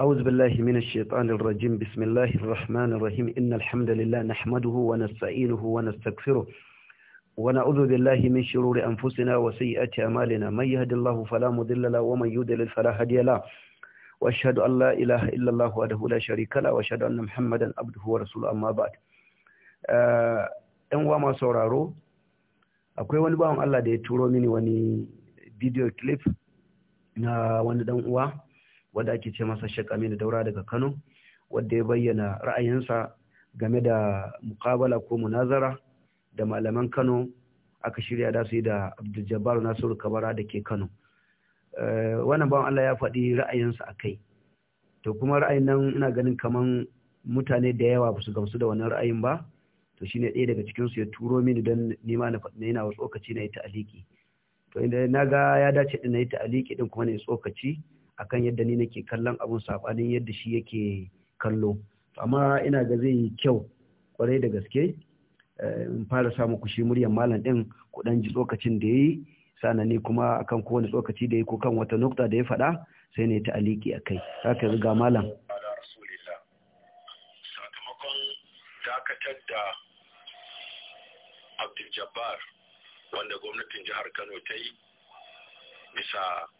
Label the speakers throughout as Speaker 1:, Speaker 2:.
Speaker 1: أعوذ بالله من الشيطان الرجيم بسم الله الرحمن الرحيم إن الحمد لله نحمده ونستعينه ونستغفره ونعوذ بالله من شرور أنفسنا وسيئات أمالنا من يهد الله فلا مضل له ومن يضلل فلا هادي له وأشهد أن لا إله إلا الله وحده لا شريك له وأشهد أن محمدا عبده ورسوله أما بعد ‘yan uwa masu sauraro akwai wani bawan Allah da ya turo mini wani video clip na wani dan uwa wanda ake ce masa Sheikh Aminu Daura daga Kano wanda ya bayyana ra'ayinsa game da mukabala ko munazara da malaman Kano aka shirya da su yi da Abdul Nasiru Kabara da ke Kano eh, wannan bawan Allah ya faɗi ra'ayinsa a kai to kuma ra'ayin nan ina ganin kaman mutane da yawa ba su gamsu da wannan ra'ayin ba to shine ɗaya daga cikin su ya turo mini don nima na faɗi yana wasu tsokaci na yi ta'aliki to inda na ga ya dace ɗin na yi ta'aliki ɗin kuma na yi tsokaci akan yadda ni nake kallon abun saɓanin yadda shi yake kallo amma ina ga zai yi kyau kwarai da gaske eh, in fara samu ku shi muryar malam ɗin kuɗan ji tsokacin da ya yi sannan kuma akan kowane tsokaci da ya ko kan wata nukta da ya faɗa sai ne ta aliki a kai haka riga malam
Speaker 2: sakamakon dakatar da abdul jabbar wanda gwamnatin jihar kano ta yi bisa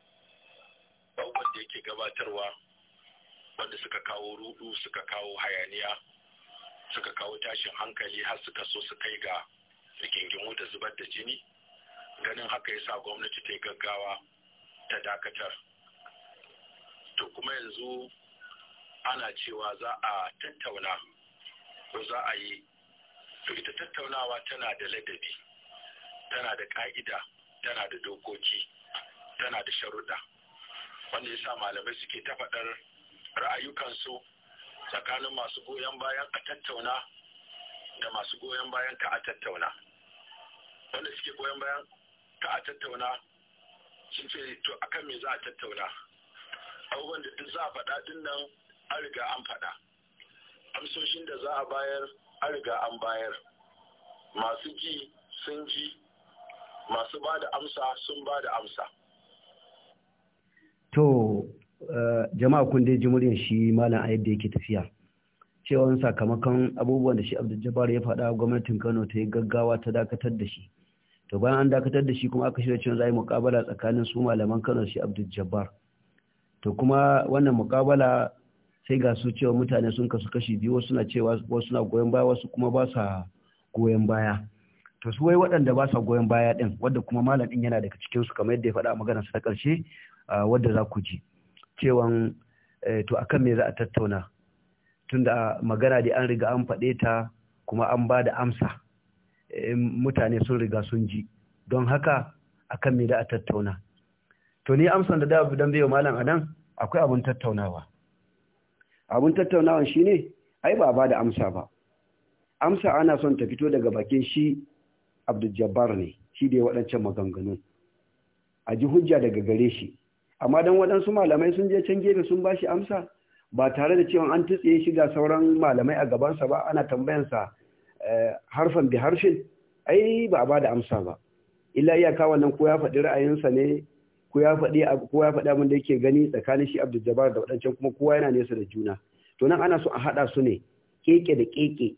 Speaker 2: abubuwan da yake gabatarwa wanda suka kawo rudu suka kawo hayaniya suka kawo tashin hankali har suka so su kai ga rigingimu da zubar da jini ganin haka yasa gwamnati ta yi gaggawa ta dakatar to kuma yanzu ana cewa za a tattauna ko za a yi to ita tattaunawa tana da ladabi tana da ka'ida tana da dokoki tana da sharuɗa wanda ya sa malamai suke ta faɗar ra'ayukansu tsakanin masu goyon bayan a tattauna da masu goyon bayan ka a tattauna wanda suke goyon bayan ka a tattauna sun ce to akan me za a tattauna abubuwan da duk za a faɗa din nan an riga an faɗa amsoshin da za a bayar an riga an bayar masu ji sun ji masu ba da amsa sun ba da amsa
Speaker 1: jama'a kun dai ji muryar shi malam a yadda yake tafiya cewa sakamakon abubuwan da shi abdul ya faɗa gwamnatin kano ta yi gaggawa ta dakatar da shi to bayan an dakatar da shi kuma aka shirya cewa za a yi muƙabala tsakanin su malaman kano shi abdul to kuma wannan muƙabala sai ga su cewa mutane sun kasu kashi biyu wasu na cewa wasu na goyon baya wasu kuma ba sa goyon baya to su wai waɗanda ba sa goyon baya ɗin wadda kuma malam ɗin yana daga cikinsu kamar yadda ya faɗa a maganarsa ta ƙarshe wadda za ku ji cewan eh, to akan me za a tattauna tunda magana da an riga an faɗe ta kuma an ba da amsa eh, mutane sun riga sun ji don haka akan me za a tattauna to ni amsan da da dan biyo malam nan, akwai abun tattaunawa abun tattaunawa shine ai ba ba da amsa ba amsa ana son ta fito daga bakin shi Abdul Jabbar ne shi da ya waɗancan maganganu a ji hujja daga gare shi amma dan waɗansu malamai sun je can gefe sun ba shi amsa ba tare da cewa an tutse shi ga sauran malamai a gabansa ba ana tambayansa eh, harfan bi harshen ai ba a bada amsa ba illa iyaka wannan ko ya faɗi ra'ayinsa ne ko ya faɗi ko ya faɗi abin da yake gani tsakanin shi Abdul Jabbar da wadancan kuma kowa yana nesa da juna to nan ana so a haɗa su ne keke da keke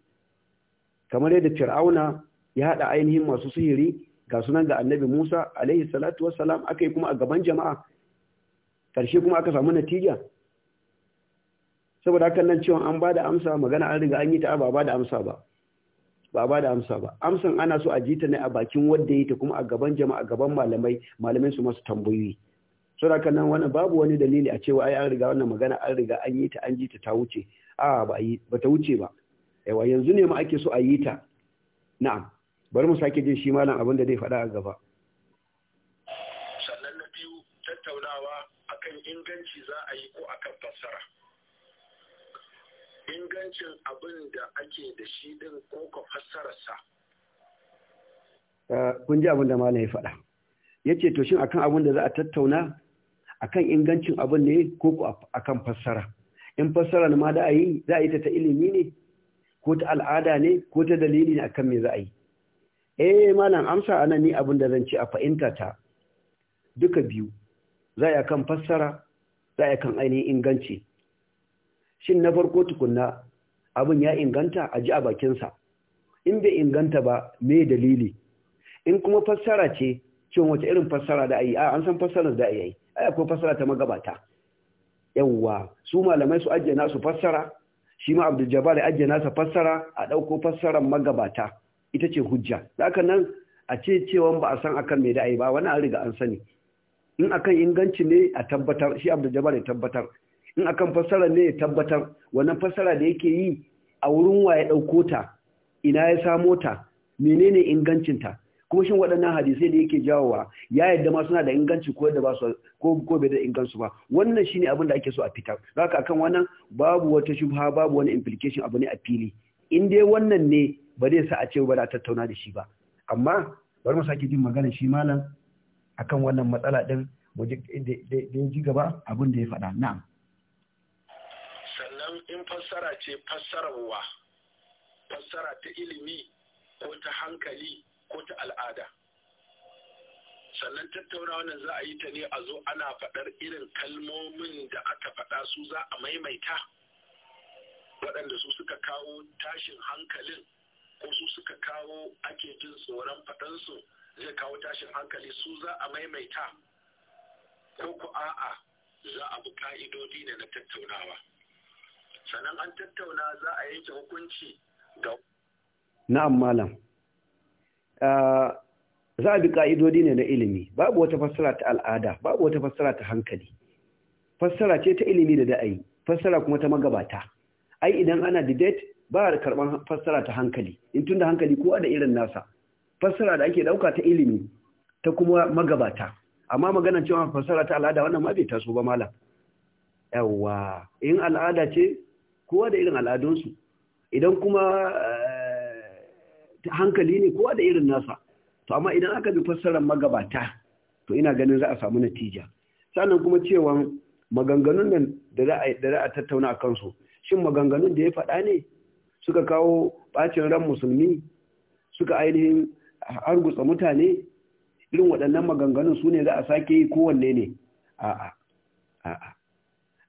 Speaker 1: kamar yadda Fir'auna ya haɗa ainihin masu sihiri ga sunan ga Annabi Musa alaihi salatu wassalam akai kuma a gaban jama'a karshe kuma aka samu natija saboda hakan nan cewa an bada amsa magana an riga an yi ta ba ba da amsa ba ba ba da amsa ba amsan ana so a ji ta ne a bakin wanda yi ta kuma a gaban jama'a gaban malamai malamai su masu tambayoyi saboda hakan nan wannan babu wani dalili a cewa ai an riga wannan magana an riga an yi ta an ji ta ta wuce a ba yi ba ta wuce ba yawa yanzu ne ma ake so a yi ta na'am bari mu sake jin shi malam abin da zai faɗa a gaba
Speaker 2: inganci za a yi ko akan fassara ingancin abin da ake da shi din ko ka fassararsa
Speaker 1: eh, kun ji abin da malam ya faɗa ya ce to shin akan abin da za a tattauna akan ingancin abin ne ko akan fassara in fassara ma da a yi za a yi ta ta ilimi ne ko ta al'ada ne ko ta dalili ne akan me za a yi eh malam amsa anan ni abin da zan ce a fahimta ta duka biyu za a yi kan fassara tsaya kan ainihin inganci shin na farko tukunna abin ya inganta a ji a bakinsa in bai inganta ba me dalili in kuma fassara ce cin wata irin fassara da ayi an san fassarar da ayi ai akwai fassara ta magabata yawwa su malamai su ajiye su fassara shi ma abdul jabbar ya ajiye nasa fassara a ɗauko fassarar magabata ita ce hujja aka nan a ce cewa ba a san akan me da ayi ba wani an riga an sani in akan inganci ne a tabbatar shi abdul jabar ya tabbatar in akan fassara ne ya tabbatar wannan fassara da yake yi a wurin wa ya ɗauko ta ina ya samo ta menene ingancinta kuma shin waɗannan hadisai da yake wa ya yadda ma suna da inganci ko da ba su ko ko bai da inganci ba wannan shine abin da ake so a fitar zaka akan wannan babu wata shubha babu wani implication abu ne a fili in dai wannan ne ba zai sa a ce ba da tattauna da shi ba amma bari mu sake jin magana shi malam akan wannan matsala din da ya ji gaba abin da ya faɗa na'am
Speaker 2: sannan in fassara ce fassararwa fassara ta ilimi ko ta hankali ko ta al'ada sannan tattauna wannan za a yi ta ne a zo ana faɗar irin kalmomin da aka faɗa su za a maimaita waɗanda su suka kawo tashin hankalin ko su suka kawo ake jin tsoron faɗansu zai kawo tashin hankali su za a maimaita ko ku a'a za a bi ka'idodi ne na tattaunawa sannan an tattauna za a yanke hukunci ga
Speaker 1: na'am malam za a bi ka'idodi ne na ilimi babu wata fassara ta al'ada babu wata fassara ta hankali fassara ce ta ilimi da da'ayi fassara kuma ta magabata ai idan ana debate ba a karɓar fassara ta hankali in tun da hankali kowa da irin nasa fassara da ake dauka ta ilimi ta kuma magabata amma maganar cewa fassara ta al'ada wannan ma bai taso ba malam yawa in al'ada ce kowa da irin al'adunsu idan kuma eh, hankali ne kowa da irin nasa to amma idan aka bi fassarar magabata to ina ganin za a samu natija sannan kuma cewa maganganun nan da za a tattauna a kansu shin maganganun da ya faɗa ne suka kawo ɓacin ran musulmi suka ainihin argutsa mutane irin waɗannan maganganun su ne za a sake yi kowanne ne a'a a'a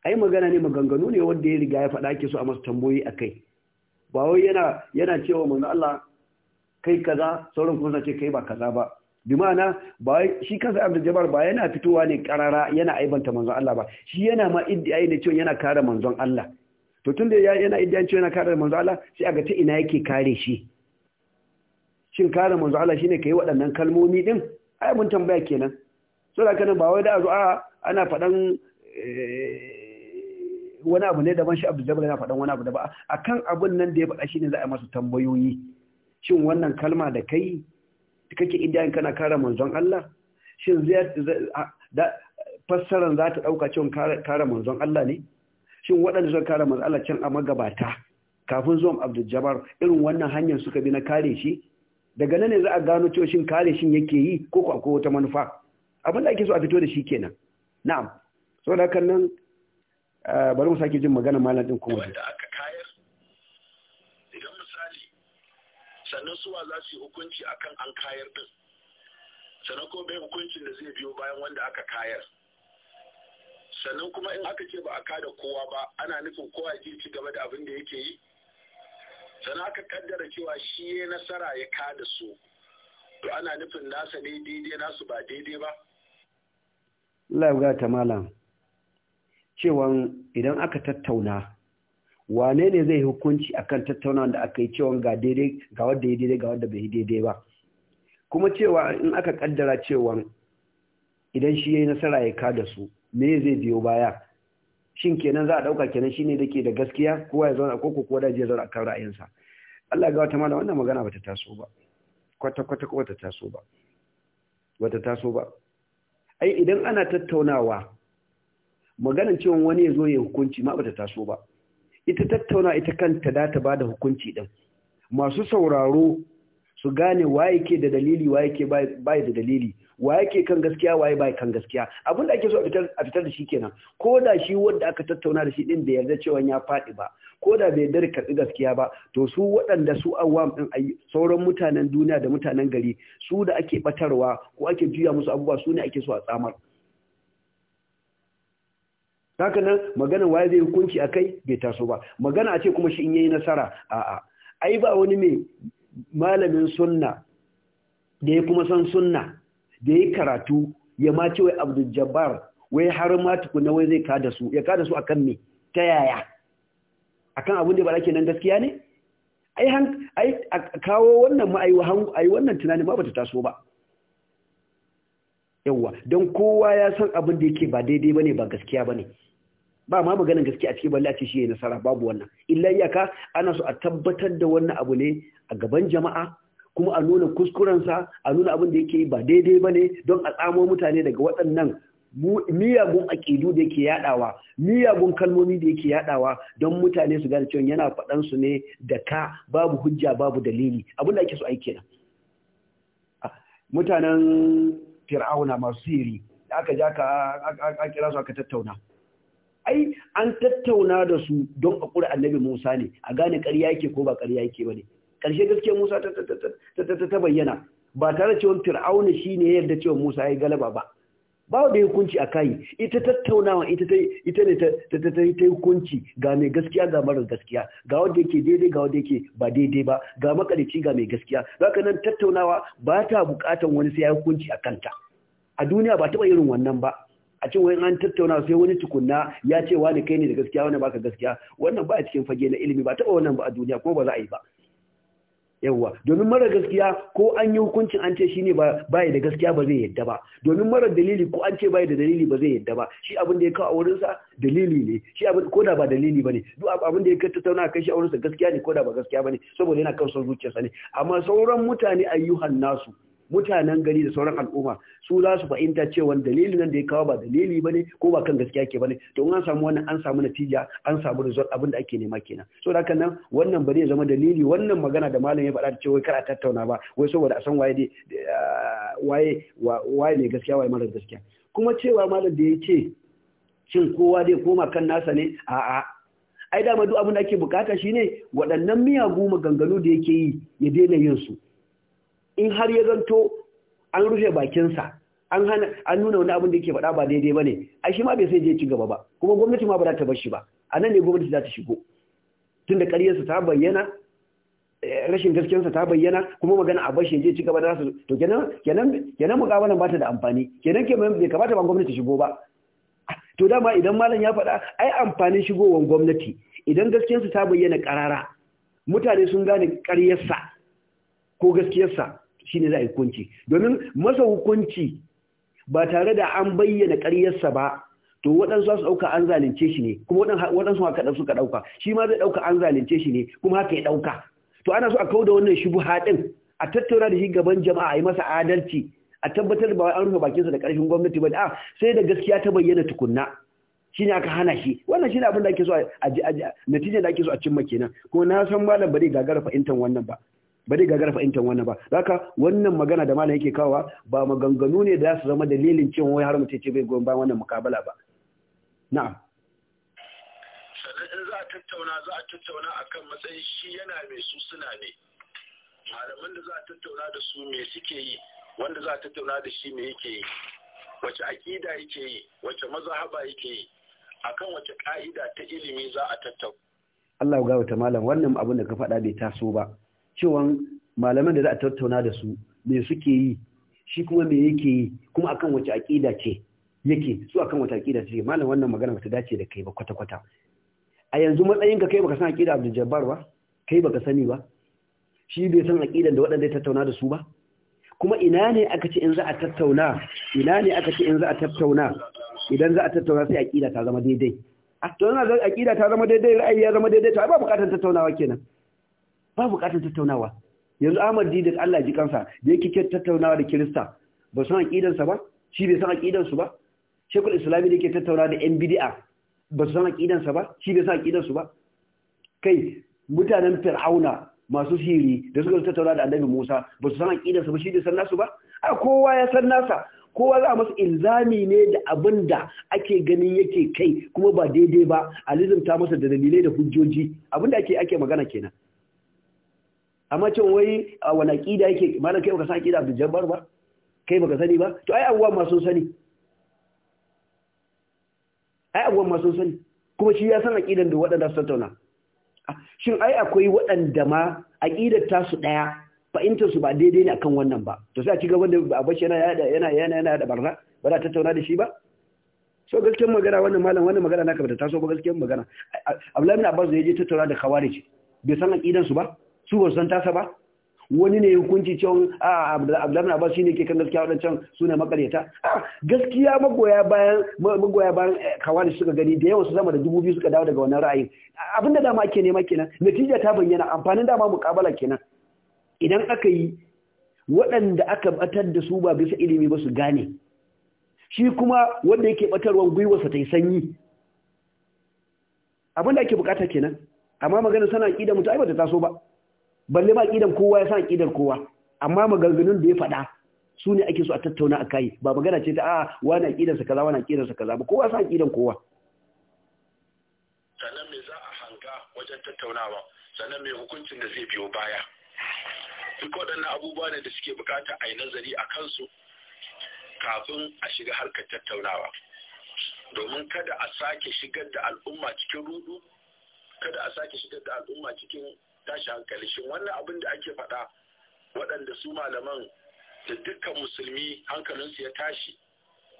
Speaker 1: ai magana ne maganganu ne wanda ya riga ya faɗa ke su a masu tamboyi a kai ba wai yana yana cewa manzo Allah kai kaza sauran kuma ce kai ba kaza ba bi ma'ana ba shi kansa Abdul Jabbar ba yana fitowa ne karara yana aibanta manzon Allah ba shi yana ma iddiyayi ne cewa yana kare manzon Allah to tunda yana iddiyayi cewa yana kare manzon Allah sai a ga ta ina yake kare shi shin kare manzo Allah shine kai waɗannan kalmomi din ai mun tambaya kenan so da kana ba wai da azu'a ana faɗan eh, wani abu ne daban shi Abdul Jabbar yana faɗan wani abu ba akan abun nan da ya faɗa shine za a masa tambayoyi shin wannan kalma da kai kake idan kana kare manzon Allah shin zai da fassaran za ta ɗauka cewa kare manzon Allah ne shin waɗanda suka kare manzon Allah can a magabata kafin zuwan Abdul Jabbar irin wannan hanyar suka bi na kare shi daga nan ne za a gano cewa shin kare shin yake yi ko ko akwai wata manufa abin da ake so a fito da shi kenan na'am saboda hakan nan eh, bari mu sake jin magana malam din kuma wanda aka kayar
Speaker 2: idan misali sannan suwa za su yi hukunci akan an kayar din sannan ko bai hukuncin da zai biyo bayan wanda aka kayar sannan kuma in aka ce ba a kada kowa ba ana nufin kowa ya ci gaba da abin da yake yi sannan aka kaddara cewa shi ya nasara ya kada su to ana nufin nasa ne daidai nasu ba daidai ba
Speaker 1: Allah ya ta malam cewa idan aka tattauna wane ne zai hukunci akan tattauna da aka yi cewa ga daidai ga wanda ya daidai ga wanda bai daidai ba kuma cewa in aka kaddara cewa idan shi ya yi nasara ya kada su me zai biyo baya shin kenan za a dauka kenan shine dake da gaskiya kowa ya zauna koko kowa da je zauna kan ra'ayinsa Allah ga wata mala wannan magana bata taso ba kwata kwata ko bata taso ba bata taso ba ai idan ana tattaunawa maganan cewa wani ya zo ya hukunci ma bata taso ba ita tattauna ita kanta da ta bada hukunci din masu sauraro su gane wa yake da dalili wa ke bai da dalili wa ke kan gaskiya waye bai kan gaskiya abin da ake so a fitar da shi kenan ko da shi wanda aka tattauna da shi din da yarda cewa ya faɗi ba ko da bai yarda karɓi gaskiya ba to su waɗanda su awam din sauran mutanen duniya da mutanen gari su da ake batarwa ko ake juya musu abubuwa su ne ake so a tsamar haka nan magana waye zai hukunci kai bai taso ba magana a ce kuma shi in yayi nasara a'a ai ba wani mai malamin sunna da ya kuma san sunna da ya karatu ya ma ce wai abdul jabbar wai har ma tukuna wai zai kada su ya kada su akan me ta yaya akan abin da ba ake nan gaskiya ne ai han ai kawo wannan ma ai ai wannan tunani ma bata taso ba yawa don kowa ya san abin da yake ba daidai bane ba gaskiya bane ba ma maganin gaske a cikin balle a ce shi ya nasara babu wannan illa iyaka ana so a tabbatar da wannan abu ne a gaban jama'a kuma a nuna kuskurensa a nuna abin da yake ba daidai ba ne don a tsamo mutane daga waɗannan miyagun aƙidu da yake yaɗawa miyagun kalmomi da yake yaɗawa don mutane su gane cewa yana faɗan su ne da ka babu hujja babu dalili abin da ake so aiki nan mutanen fir'auna masu sihiri da aka ja ka kira su aka tattauna ai an tattauna da su don a kura annabi Musa ne a gane ƙarya yake ko ba ƙarya yake ba ne ƙarshe gaskiya Musa ta bayyana ba tare cewa Fir'auna shine ya yarda cewa Musa ya galaba ba ba da hukunci a kai ita tattaunawa ita ta ita ne ta ta hukunci ga mai gaskiya ga marar gaskiya ga wanda yake daidai ga wanda yake ba daidai ba ga makarici ga mai gaskiya zaka nan tattaunawa ba ta bukatan wani sai ya hukunci a kanta a duniya ba taɓa irin wannan ba a ce wai an tattauna sai wani tukunna ya ce wani kai ne da gaskiya wani baka gaskiya wannan ba a cikin fage na ilimi ba taɓa wannan ba a duniya ko ba za a yi ba yawwa domin mara gaskiya ko an yi hukuncin an ce shine ba bai da gaskiya ba zai yadda ba domin mara dalili ko an ce bai da dalili ba zai yadda ba shi abin da ya kawo a wurin sa dalili ne shi abin ko da ba dalili bane duk abin da ya kanta tauna kai shi a wurin sa gaskiya ne ko da ba gaskiya bane saboda yana kan son zuciyarsa ne amma sauran mutane ayyuhan nasu mutanen gari da sauran al'umma su za su fahimta cewa dalilin nan da ya kawo ba dalili bane ko ba kan gaskiya ke bane to an samu wannan an samu natija an samu result abin da ake nema kenan so da haka nan wannan ba zai zama dalili wannan magana da malam ya faɗa da cewa kar a tattauna ba wai saboda a san waye eh, waye waye ne gaskiya waye mara gaskiya kuma cewa malam da ya ce shin kowa zai koma kan nasa ne a'a ai dama duk abin da ake bukata shine waɗannan miyagu maganganu da yake yi ya daina yin su in har ya zanto an rufe bakinsa an hana an nuna wani abin da yake faɗa ba daidai bane ai shi ma bai sai je ci gaba ba kuma gwamnati ma ba za ta bar shi ba a nan ne gwamnati za ta shigo tunda ƙaryarsa ta bayyana eh, rashin gaskiyarsa ta bayyana kuma magana a bashi je ci gaba da su to kenan kenan kenan mukabalan ba ta da amfani kenan ke bai kamata ba gwamnati shigo ba to dama idan malam ya faɗa ai amfanin shigowar gwamnati idan gaskiyarsa ta bayyana karara mutane sun gane ƙaryarsa ko gaskiyarsa ne za a yi hukunci domin masa hukunci ba tare da an bayyana ƙaryarsa ba to waɗansu za su ɗauka an zalunce shi ne kuma waɗansu haka ɗan suka ɗauka shi ma zai ɗauka an zalunce shi ne kuma haka ya ɗauka to ana so a kau da wannan shubu haɗin, a tattauna da shi gaban jama'a a yi masa adalci a tabbatar da ba an rufe bakinsa da ƙarfin gwamnati ba a sai da gaskiya ta bayyana tukunna shi ne aka hana shi wannan shi ne abin da ake so a natijar da ake so a cimma kenan kuma na san malam ba zai gagara fahimtar wannan ba ba dai gagara fahimtar wannan ba haka wannan magana da malam yake kawa ba maganganu ne da su zama dalilin cewa wai har mutum ce bai goyon bayan wannan mukabala ba na'am
Speaker 2: sannan in za a tattauna za a tattauna akan matsayi shi yana mai su suna ne malaman da za a tattauna da su me suke yi wanda za a tattauna da shi me yake yi wace akida yake yi wace mazhaba yake yi akan wace ka'ida ta ilimi za a tattauna
Speaker 1: Allah ya gawo malam wannan abin da ka faɗa bai taso ba Cewan malaman da za a tattauna da su me suke yi shi kuma me yake yi kuma akan wace aƙida ce yake su akan wace aƙida ce malam wannan magana ta dace da kai ba kwata kwata a yanzu matsayin ka kai baka san aƙida Abdul Jabbar ba kai baka sani ba shi bai san aƙidan da waɗanda ya tattauna da su ba kuma ina ne aka ce in za a tattauna ina ne aka ce in za a tattauna idan za a tattauna sai aƙida ta zama daidai a to yana aƙida ta zama daidai ra'ayi ya zama daidai to ai ba buƙatar tattaunawa kenan ba bukatar tattaunawa yanzu Ahmad Didat Allah ji kansa da yake tattaunawa da Kirista ba san sa ba shi bai san su ba Shekul Islami da yake tattaunawa da yan ba san sa ba shi bai san su ba kai mutanen Fir'auna masu sihiri da suka tattauna da Annabi Musa ba su san sa ba shi bai san nasu ba a kowa ya san nasa kowa za a masa ilzami ne da abin da ake ganin yake kai kuma ba daidai ba a lizimta masa da dalilai da hujjoji abin da ake ake magana kenan amma ce wai a wani ƙida yake malam kai baka san aƙida abdul jabbar ba kai baka sani ba to ai abubuwan ma sun sani ai abubuwan ma sun sani kuma shi ya san aƙidan da waɗanda su tattauna shin ai akwai waɗanda ma aƙidar tasu ɗaya fahimtar su ba daidai ne akan wannan ba to sai a ci gaba da abashi yana yana yana yana da barna ba za tattauna da shi ba so gaskiyar magana wannan malam wannan magana naka ta taso ba gaskiyar magana Abdullahi bin Abbas da yaje tattauna da Khawarij bai san aqidan su ba su ba san tasa ba wani ne hukunci cewa a abdullahi shi ne ke kan gaskiya wadancan su ne makaryata gaskiya magoya bayan magoya bayan eh, kawani suka gani da yawan su zama da dubu biyu suka dawo daga wannan ra'ayin abinda dama ake nema kenan natija ta bayyana amfanin dama mukabala kenan idan aka yi waɗanda aka batar da su ba bisa ilimi ba su gane shi kuma wanda yake batarwan gwiwarsa ta yi sanyi abinda ake bukata kenan amma magana sana ƙi da mutu ai ba ta taso ba balle ba ƙidan kowa ya san ƙidan kowa amma maganganun da ya faɗa su ne ake so a tattauna a kai ba magana ce ta a ah, wani ƙidansa kaza wani ƙidansa kaza ba kowa san ƙidan kowa
Speaker 2: sannan me za a hanga wajen tattaunawa sannan me hukuncin da zai biyo baya duk waɗannan abubuwa ne da suke bukata a yi nazari a kansu kafin a shiga harkar tattaunawa domin kada a sake shigar da al'umma cikin rudu kada a sake shigar da al'umma cikin tashi hankali shin wannan abin da ake faɗa waɗanda su malaman da dukkan musulmi hankalinsu ya tashi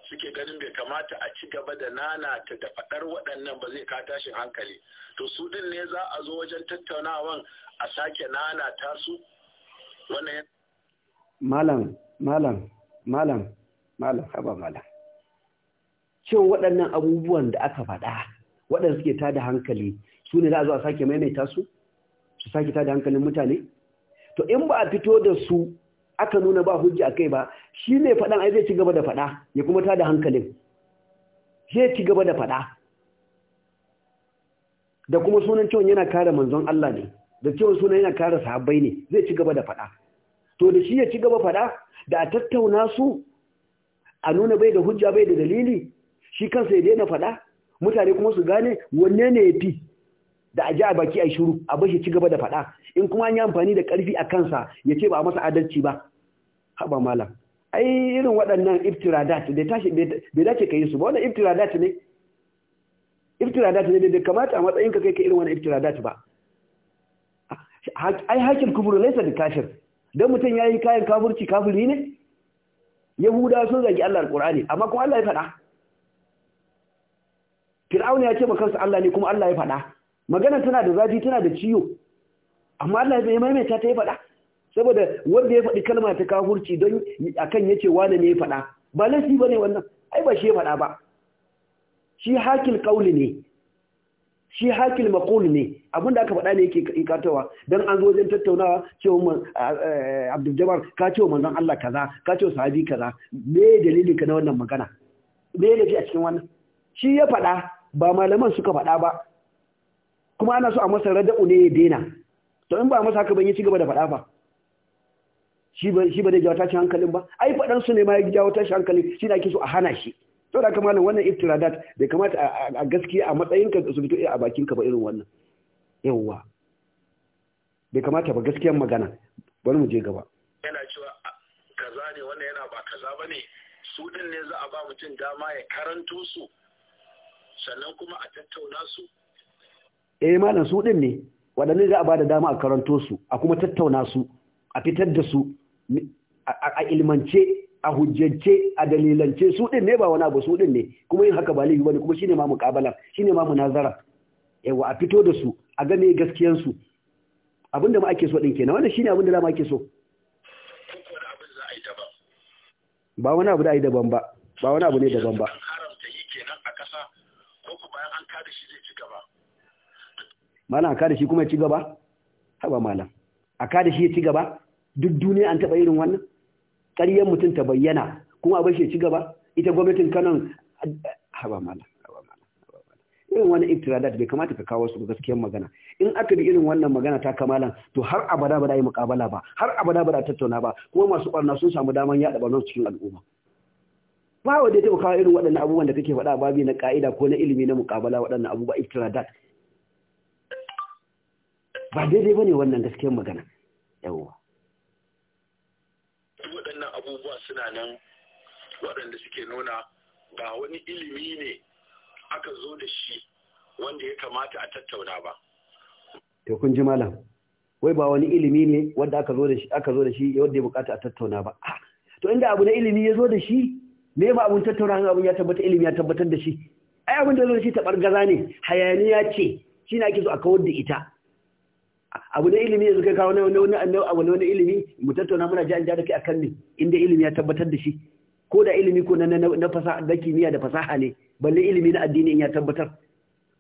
Speaker 2: suke ganin bai kamata a ci gaba da nanata da faɗar waɗannan ba zai ka tashin hankali to su ɗin ne za a zo wajen tattaunawan a sake nanata su wannan
Speaker 1: malam malam malam malam haba malam cewa waɗannan abubuwan da aka faɗa waɗanda suke tada hankali su ne za a zo a sake maimaita su sake ta da hankalin mutane to in ba a fito da su aka nuna ba hujja kai ba shi ne faɗan ai zai ci gaba da faɗa ya kuma ta da hankalin zai ci gaba da faɗa da kuma sunan cewa yana kare manzon Allah ne da cewa sunan yana kare sahabbai ne zai ci gaba da faɗa to da shi ya ci gaba faɗa da a tattauna su a nuna bai da hujja bai da dalili shi kansa ya daina faɗa mutane kuma su gane wanne ne ya fi da a ji a baki a shiru a bashi ci gaba da faɗa in kuma an yi amfani da ƙarfi a kansa ya ce ba a masa adalci ba haɓa malam ai irin waɗannan iftiradat da tashi bai dace ka yi su ba wannan iftiradat ne iftiradat ne da kamata a matsayin ka kai ka irin wannan iftiradat ba ai hakin kubur laisa da kashir dan mutum yayi kayan kafirci kafiri ne yahuda sun zagi Allah alqur'ani amma kuma Allah ya faɗa fir'auna ya ce ma kansa Allah ne kuma Allah ya faɗa magana tana da zafi tana da ciwo amma Allah ya maimaita ta ya faɗa saboda wanda ya faɗi kalma ta kafurci don akan yace wani ne ya faɗa ba laifi bane wannan ai ba shi ya faɗa ba shi hakil kauli ne shi hakil maqul ne abinda aka faɗa ne yake ikatawa dan an zo wajen tattaunawa cewa Abdul Jabbar ka ce manzon Allah kaza ka ce sahabi kaza me dalilin ka na wannan magana me ne a cikin wannan shi ya faɗa ba malaman suka faɗa ba kuma ana so a masa rada'u ne ya dena to in ba masa haka ban yi cigaba da faɗa ba shi ba da jawo tashin hankalin ba ai faɗan su ne ma ya jawo shi hankalin shi da ake so a hana shi to da kamar wannan iftiradat bai kamata a gaskiya a matsayinka su fito a bakinka ba irin wannan yawwa bai kamata ba gaskiyar magana bari mu je gaba yana cewa kaza ne wannan yana ba kaza bane su din ne za a ba mutum dama ya karanto su sannan kuma a tattauna su eh malam su din ne waɗannan za a ba da dama a karanto su a kuma tattauna su a fitar da su a ilmance a hujjance a dalilance su din ne ba wani abu su din ne kuma yin haka ba laifi bane kuma shine ma muqabala shine ma munazara yawa a fito da su a ga me gaskiyan su abinda ma ake so din kenan wannan shine abinda da ma ake so ba wani abu da ai daban ba ba wani abu ne daban ba malam a kada shi kuma ya ci gaba haba malam A kada shi ya ci gaba duk duniya an taɓa irin wannan ƙaryar mutum ta bayyana kuma abin shi ya ci gaba ita gwamnatin Kano. haba malam irin wani iftiradat bai kamata ka kawo su ga gaskiyar magana in aka bi irin wannan magana ta kamalan to har abada ba da yi mukabala ba har abada ba da tattauna ba kuma masu barna sun samu daman yaɗa barna cikin al'umma ba wanda ya taɓa kawo irin waɗannan abubuwan da kake faɗa bi na ka'ida ko na ilimi na mukabala waɗannan abubuwa iftiradat ba daidai ba ne wannan gaskiyar magana yawwa
Speaker 2: waɗannan abubuwa suna nan waɗanda suke nuna ba wani ilimi ne aka zo da shi wanda ya kamata a tattauna ba
Speaker 1: to kun ji malam wai ba wani ilimi ne wanda aka zo da shi aka zo da shi wanda ya bukata a tattauna ba ah, to inda abu na ilimi ya zo da shi me ba abun tattauna abun ya tabbata ilimi ya tabbatar da shi ai abin da zo da shi tabar gaza ne hayaniya ce shi na ake so a kawar da ita abu da ilimi yanzu kai kawo wani wani wani wani ilimi mu tattauna muna ji an ja da kai akan ne inda ilimi ya tabbatar da shi ko da ilimi ko na na fasaha da kimiyya da fasaha ne balle ilimi na addini in ya tabbatar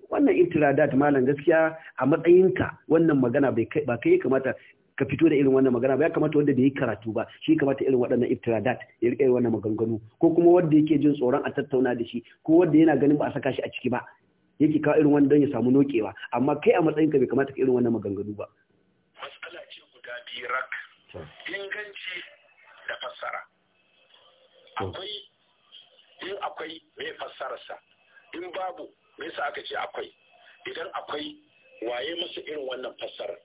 Speaker 1: wannan intiradat malam gaskiya a matsayinka wannan magana bai kai ba kai kamata ka fito da irin wannan magana ba ya kamata wanda bai yi karatu ba shi kamata irin waɗannan iftiradat ya riƙe wannan maganganu ko kuma wanda yake jin tsoron a tattauna da shi ko wanda yana ganin ba a saka shi a ciki ba yake kawo irin wannan don ya samu nokewa amma kai a matsayinka bai kamata ka irin wannan maganganu ba
Speaker 2: Mas'ala ce guda biyu rak inganci da fassara akwai in akwai mai fassararsa in babu me yasa aka ce akwai idan akwai waye masa irin wannan fassara,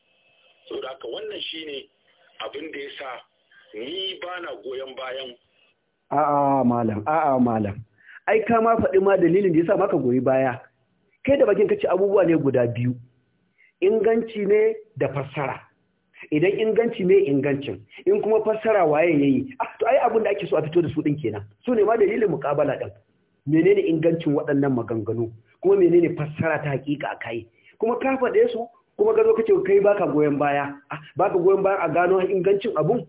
Speaker 2: saboda haka wannan shine abin da yasa ni bana goyon bayan
Speaker 1: a'a malam a'a malam ai ka ma faɗi ma dalilin da yasa maka goyi baya kai da bakin kace abubuwa ne guda biyu inganci ne da fassara idan inganci ne ingancin in kuma fassara waye yayi ah, to ai abin da ake so a fito da su din kenan su ne ma dalilin muqabala din menene ingancin waɗannan maganganu kuma menene fassara ta hakika kai kuma ka faɗe su kuma zo kace kai baka goyen baya ah, baka goyen baya a gano ingancin abun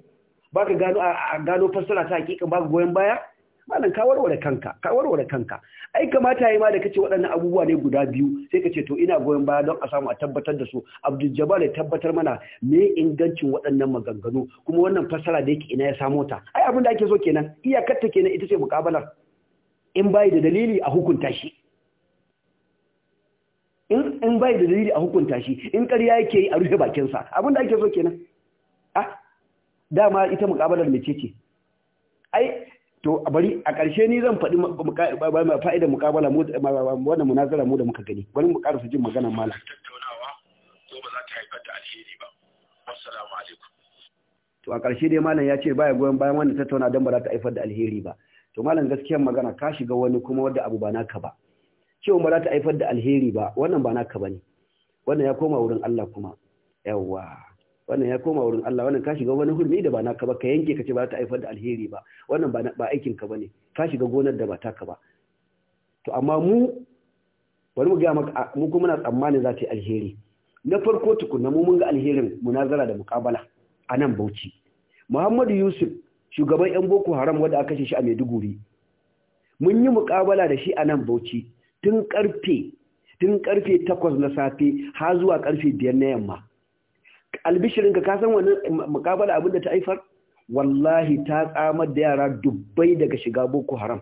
Speaker 1: baka gano a gano fassara ta hakika baka goyen baya malam ka warware kanka ka warware kanka ai kamata yayi ma da kace waɗannan abubuwa ne guda biyu sai kace to ina goyon baya don a samu a tabbatar da su Abdul Jabbar ya tabbatar mana me ingancin waɗannan maganganu kuma wannan fasara da yake ina ya samo ta ai abin da ake so kenan iyakar ta kenan ita ce muƙabalar. in bai da dalili a hukunta shi in bai da dalili a hukunta shi in ƙarya yake yi a rufe bakinsa abin da ake so kenan ah dama ita mukabalar mece ce ai to a bari a ƙarshe ni zan faɗi fa'idar mu wannan munazara mu da muka gani bari mu ƙarasa jin magana mala
Speaker 2: tattaunawa ko ba za ta haifar da alheri ba assalamu alaikum
Speaker 1: to a ƙarshe dai malam ya ce baya goyon bayan wannan tattauna don ba za ta haifar da alheri ba to malam gaskiyar magana ka shiga wani kuma wanda abu ba naka ba cewa ba za ta haifar da alheri ba wannan ba naka ba ne wannan ya koma wurin Allah kuma yawwa wannan ya koma wurin Allah wannan ka shiga wani hurmi da ba naka ba ka yanke ka ce ba ta haifar da alheri ba wannan ba ba aikin ka bane ka shiga gonar da ba taka ba to amma mu bari mu ga maka mu kuma muna tsammanin za ta yi alheri na farko tukunna mu mun ga alherin munazara da muƙabala a nan Bauchi Muhammadu Yusuf shugaban yan Boko Haram wanda aka kashe shi a Maiduguri mun yi muƙabala da shi a nan Bauchi tun karfe tun karfe 8 na safe har zuwa karfe 5 na yamma albishirin ka kasan wani mukabala abin da ta haifar wallahi ta tsamar da yara dubbai daga shiga boko haram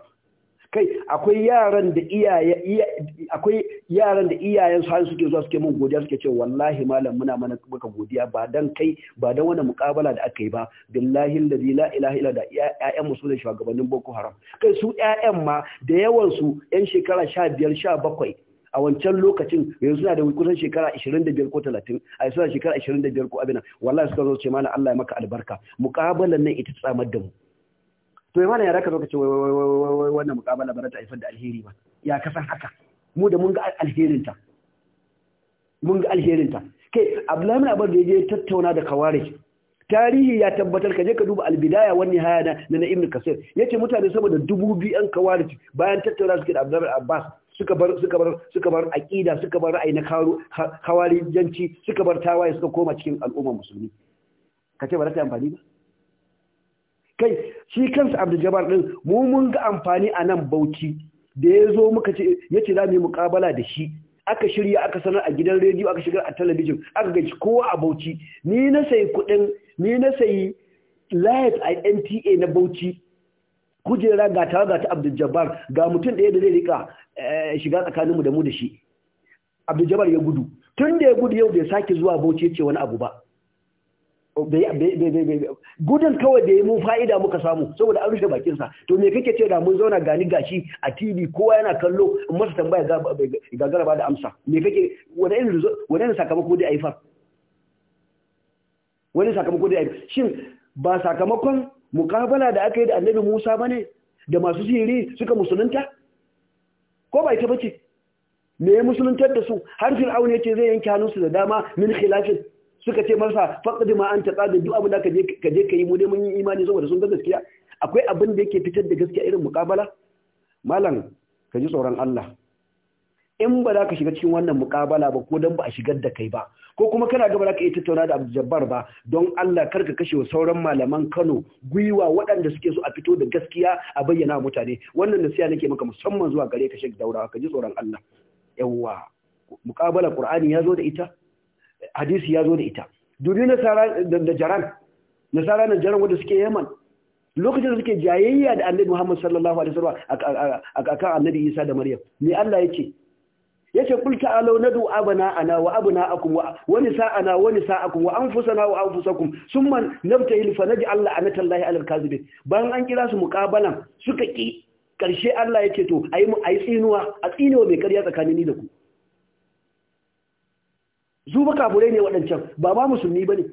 Speaker 1: kai akwai yaran da iyaye akwai iyayen su suke zuwa suke mun godiya suke ce wallahi malam muna mana maka godiya ba dan kai ba dan wani mukabala da aka yi ba billahi allazi la ilaha illa da yayan mu su shugabannin boko haram kai su yayan ma da yawan su ƴan shekara sha bakwai. a wancan lokacin yanzu suna da kusan shekara 25 ko 30 a suna shekara 25 ko abin wallah suka zo ce mana Allah ya maka albarka muqabalan nan ita tsamar da mu to imana ya raka zo ka ce wai wannan muƙabala, ba ta haifar da alheri ba ya kasan haka mu da mun ga alherinta mun ga alherinta kai Abdullahi bin Abbas da yaje tattauna da Khawarij tarihi ya tabbatar ka je ka duba albidaya wani haya na na ibn kasir yace mutane saboda dubu biyu an bayan tattauna suke da abdullahi abbas suka bar suka bar suka bar aqida suka bar ra'ayi na hawari janci, suka bar tawaye suka koma cikin al'umma musulmi kace ba za ta amfani ba kai shi kansa Abdul Jabbar din mu mun ga amfani a nan Bauchi da ya zo muka ce yace za mu yi muƙabala da shi aka shirya aka sanar a gidan rediyo aka shigar a talabijin aka gaji kowa a Bauchi ni na sayi kuɗin ni na sayi live a NTA na Bauchi kujera ga tawaga ga ta Abdul Jabbar ga mutum ɗaya da zai rika Eh, shiga tsakaninmu da mu da shi abdu ya gudu tun da ya gudu yau bai sake zuwa bauchi ce wani abu ba gudun kawai da ya mu fa'ida muka samu saboda an rufe bakinsa to me kake ce da mun zauna gani gashi a tv kowa yana kallo in masa tambaya gagara ba da amsa me kake wani sakamako dai aifar wani sakamako dai aifar shin ba sakamakon mukabala da aka yi da annabi musa ba ne da masu sihiri suka musulunta ko ba ita ba ce me ya musuluntar da su har fir'auni ya ce zai yanke hannunsu da dama min khilafin suka ce masa faqad ma anta qadi duk abin da ka je ka je kai mu dai mun yi imani saboda sun ga gaskiya akwai abin da yake fitar da gaskiya irin muqabala malam ka ji tsoron Allah in ba za ka shiga cikin wannan mukabala ba ko don ba a shigar da kai ba ko kuma kana gaba za ka iya tattauna da abu Jabbar ba don Allah kar ka kashe wa sauran malaman Kano gwiwa waɗanda suke so a fito da gaskiya a bayyana mutane wannan nasiha nake maka musamman zuwa gare ka shek Daura ka ji tsoron Allah yawwa mukabala Qur'ani ya zo da ita hadisi ya zo da ita dubi nasara da jaran nasara da jaran wanda suke Yaman lokacin da suke jayayya da Annabi Muhammad sallallahu alaihi wasallam kan Annabi Isa da Maryam me Allah yake yace kul alau nadu abana ana wa abuna akum wa nisa'ana wa nisa'akum wa anfusana wa anfusakum summa nabtahil fa naj'al anata Allahi 'alal kadhibin bayan an kira su muqabalan suka ki karshe Allah yake to ayi mu ayi tsinuwa a tsinuwa mai karya tsakanin ni da ku zuba bure ne waɗancan ba ba musulmi bane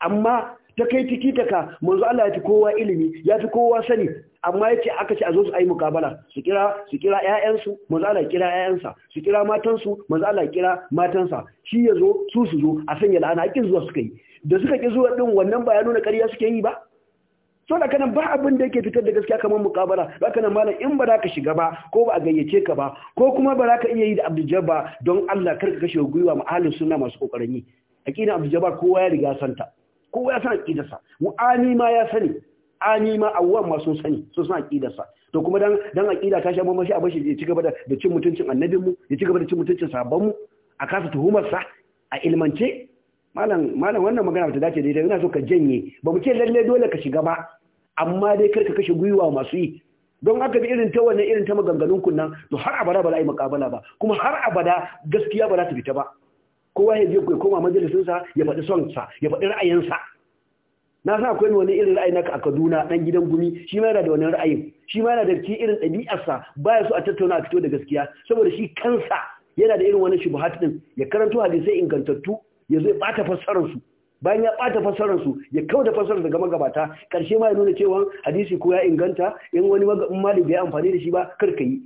Speaker 1: amma ta kai tiki taka manzo Allah ya fi kowa ilimi ya fi kowa sani amma yace aka ce a zo su ayi mukabala su kira su kira ƴaƴansu maza Allah kira ƴaƴansa su kira matansu maza Allah kira matansa shi ya zo su su zo a sanya la'ana hakin zuwa suka yi da suka ki zuwa din wannan ba ya nuna ƙarya suke yi ba sau da kana ba abin da yake fitar da gaskiya kamar mukabala ba kana malam in ba za ka shiga ba ko ba a gayyace ka ba ko kuma ba za ka iya yi da abdujab ba don allah kar ka kashe gwiwa ma'alin suna masu kokarin yi aƙidar abdujab kowa ya riga santa kowa ya san aƙidarsa mu'ani ma ya sani ani ma awwan ma sun sani sun san aqidarsa to kuma dan dan aqida ta shaba mashi a bashi ya cigaba da da cin mutuncin annabin mu ya cigaba da cin mutuncin sahabban mu a kasa tuhumar sa a ilmance malam malam wannan magana ta dace daidai ina so ka janye ba mu ce lalle dole ka shiga ba amma dai kar ka kashe gwiwa masu yi don haka bi irin ta wannan irin ta maganganun kunnan to har abada ba za a yi mukabala ba kuma har abada gaskiya ba za ta fita ba kowa ya je ya koma majalisinsa ya faɗi son sa ya faɗi ra'ayinsa na san akwai wani irin ra'ayi naka a Kaduna dan gidan gumi shi ma yana da wani ra'ayin shi ma yana da ki irin sa baya so a tattauna a fito da gaskiya saboda shi kansa yana da irin wani shubuhat din ya karanto hadisai ingantattu ya zo ya bata fassarar su bayan ya bata fassarar su ya kauda fassarar daga magabata karshe ma ya nuna cewa hadisi ko ya inganta in wani malami bai amfani da shi ba kar ka yi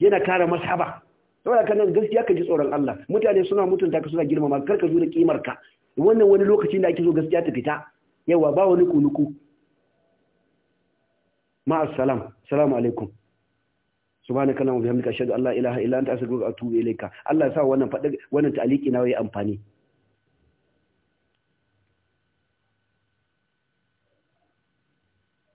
Speaker 1: yana kare masaba saboda kana gaskiya ka ji tsoron Allah mutane suna mutunta ka suna girmama kar ka zo da kimar ka wannan wani lokacin da ake so gaskiya ta fita yawa ba wani kuluku ma'assalam salamu alaikum subhanaka allahumma wa bihamdika ashhadu an la ilaha illa anta astaghfiruka wa atubu ilayka Allah ya sa wannan wannan ta'aliki na yayi amfani